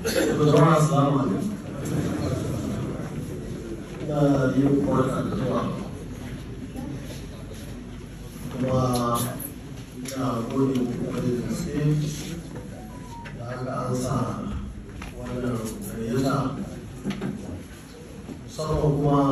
Buongiorno assalamu alaikum. Ina biyu kuma addu'a. Kuma ina gode kuma da gaske da aka an sa wannan gayyata. Musamman kuma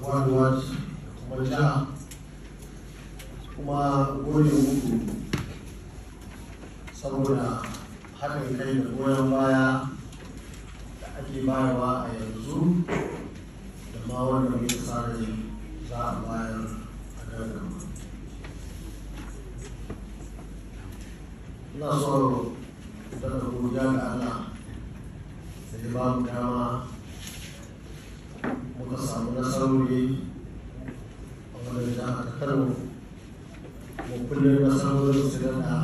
one was wata kuma gode muku saboda haɗin kai da goyon baya da ake bayarwa a yanzu da ma wanda muke tsara za a bayar a nan gaba. Ina so da godiya ga Allah da ya ba mu dama muka samu nasarori a wani da aka karo mu kullum nasarorin su gana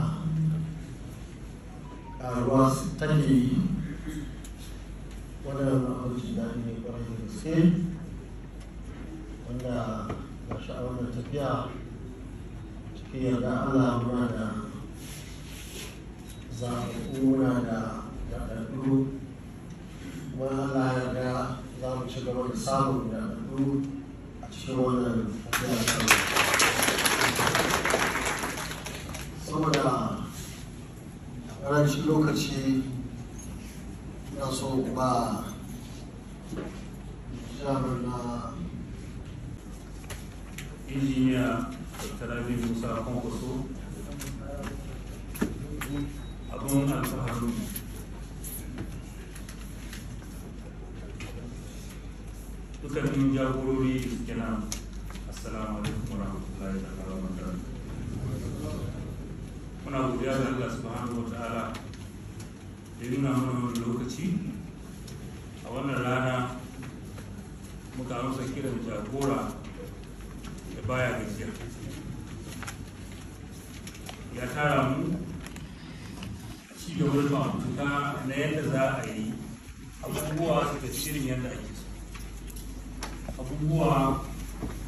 karuwa su take yi waɗannan abuji da ne kwarai da gaske wanda ga sha'awar da tafiya cikin yarda Allah muna da zaɓaɓɓu muna da ɗaɗɗu wani Allah ya ci gaba da samun yardu a cikin wannan tafiya ta saboda ƙarancin lokaci na so ba jihar na injiniya dr rabi musa kwankwaso abin alfahari. dukkan yin jagorori da suke nan assalamu alaikum wa rahmatullahi wa barakatuh muna godiya ga Allah subhanahu wa ta'ala da nuna mana wani lokaci a wannan rana muka amsa kiran jagora da baya gajiya ya tara mu a ci gaba da na yadda za a yi abubuwa da shirin yadda ake so abubuwa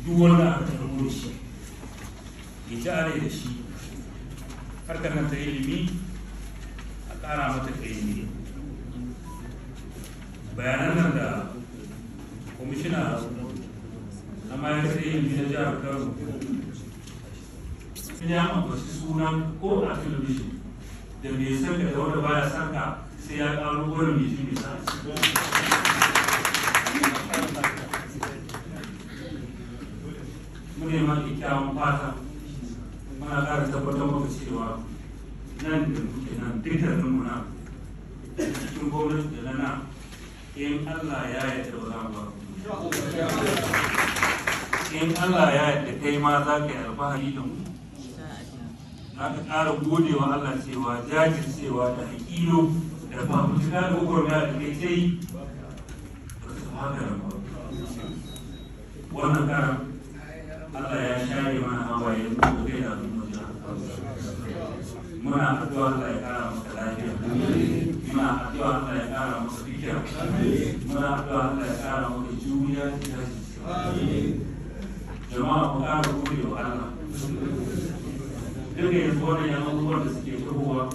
duk wanda aka tarbo da shi ya ji are da shi harkar na ta ilimi a ƙara mata ilimi bayanan nan da kwamishina na ma'aikatar ilimi na jihar kano sun ya ambaci sunan ko a television da mai sanka da wanda baya sanka sai ya ƙaro wani mai ji mai sanka mana in Allah ya yarda ba za ba in Allah ya yarda kai ma za ka yi alfahari da mu za ka ƙara godewa Allah cewa jajircewa da haƙilo da fafutuka da hukumar da kai sai ba su haka ba wannan karan Allah ya share mana hawaye mu da kai da abin muna addu'a Allah ya ƙara maka lafiya muna addu'a Allah ya kara musu dukiya muna addu'a Allah ya kara musu juriya da jama'a ku kara gode wa Allah duka yanzu wannan yan abubuwan da suke fitowa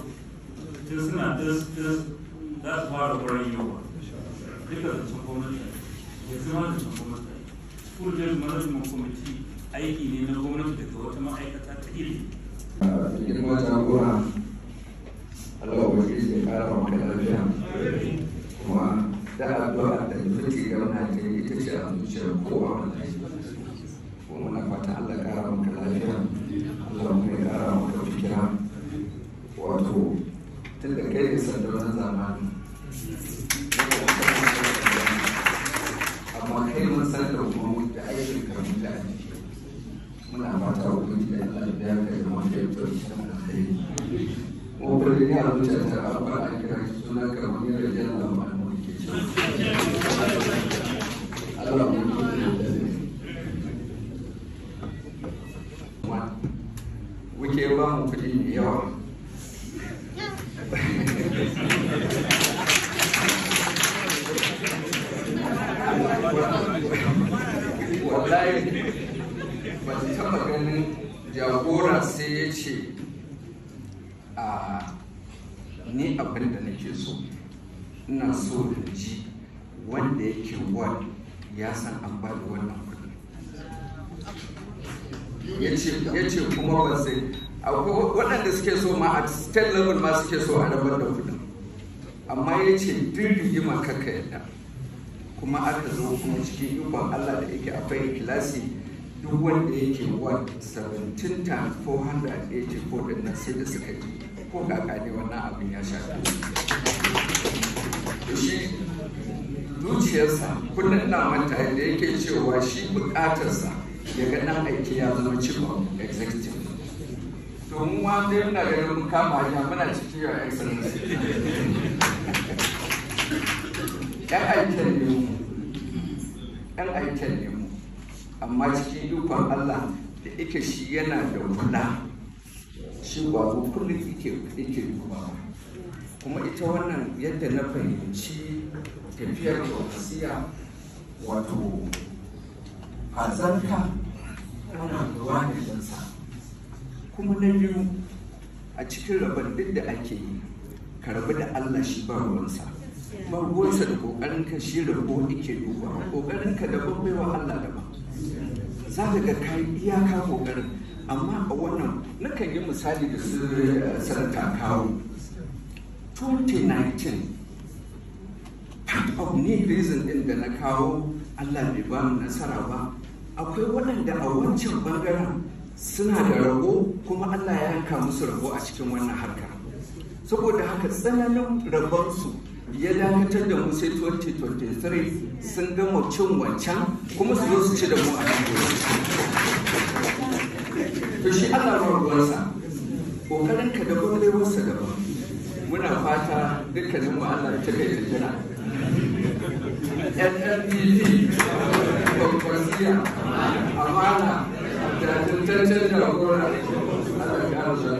duk suna duk duk za su fara wurin yawa duka da sun gwamnati yanzu ma da sun gwamnati kudin management committee aiki ne na gwamnati daga wata ma'aikata ta ilimi. Girma jagora Allah ubangiji ya kara maka lafiya kuma da addu'a da muke ga wannan ne ita ce a zuciyar kowa wallahi kuma muna fata Allah ya kara maka lafiya Allah ya kara maka fikira wato tun da kai isan da wani zamani amma kai mun san da kuma da aikin karatu da aiki muna fata da ni a rubuta da abba a kira suna kamar yadda jana ma'amu ke ce Allah mu wuke ba mu kuɗi mai yawa wallahi ba su taɓa ganin jagora sai ya ce abin da nake so ina so in ji wanda yake ward ya san an ba da wannan kudi ya ce kuma ba sai waɗanda suke so ma a state level ma suke so a rabar da kudi amma ya ce duk rigima kaka yadda kuma aka zo kuma cikin ikon Allah da yake akwai kilasi duk wanda yake 17,484 da nan sai da suka yi ko kaka ne wannan abin ya sha shi zuciyarsa kullum ina manta da yake cewa shi bukatarsa ya ga nan aiki ya zama cikin executive to mu ma dai muna ganin mun kama hanya muna cikin yawan excellency yan aikin ne mu yan aikin ne mu amma cikin ikon Allah da ike shi yana da kula shi ƙwazo ke yake dubawa kuma ita wannan yadda na fahimci tafiyar wasiya wato azarka ana gawa ne dansa kuma na biyu a cikin rabon duk da ake yi karbi da allah shi ba ruwansa ba ruwansa da kokarin ka shi rabo yake duba kokarin ka daban baiwa allah daban za ka ga ka iyaka ƙoƙarin amma a wannan nakan yi misali da su sanata kawo 2019 part of ne reason din da na kawo allah bai ba mu nasara ba akwai waɗanda a wancan bangaren suna da rago kuma allah ya yanka musu rago a cikin wannan harka saboda haka tsananin rabonsu ya dakatar da mu sai 2023 sun gama cin wancan kuma su zo su ci da mu a cikin to shi Allah ruwan ruwansa kokarin ka daban laiwarsa daban muna fata dukkanin mu Allah ya cika da jira NNPP Kwasiya Amana da tantancen jagora Allah ya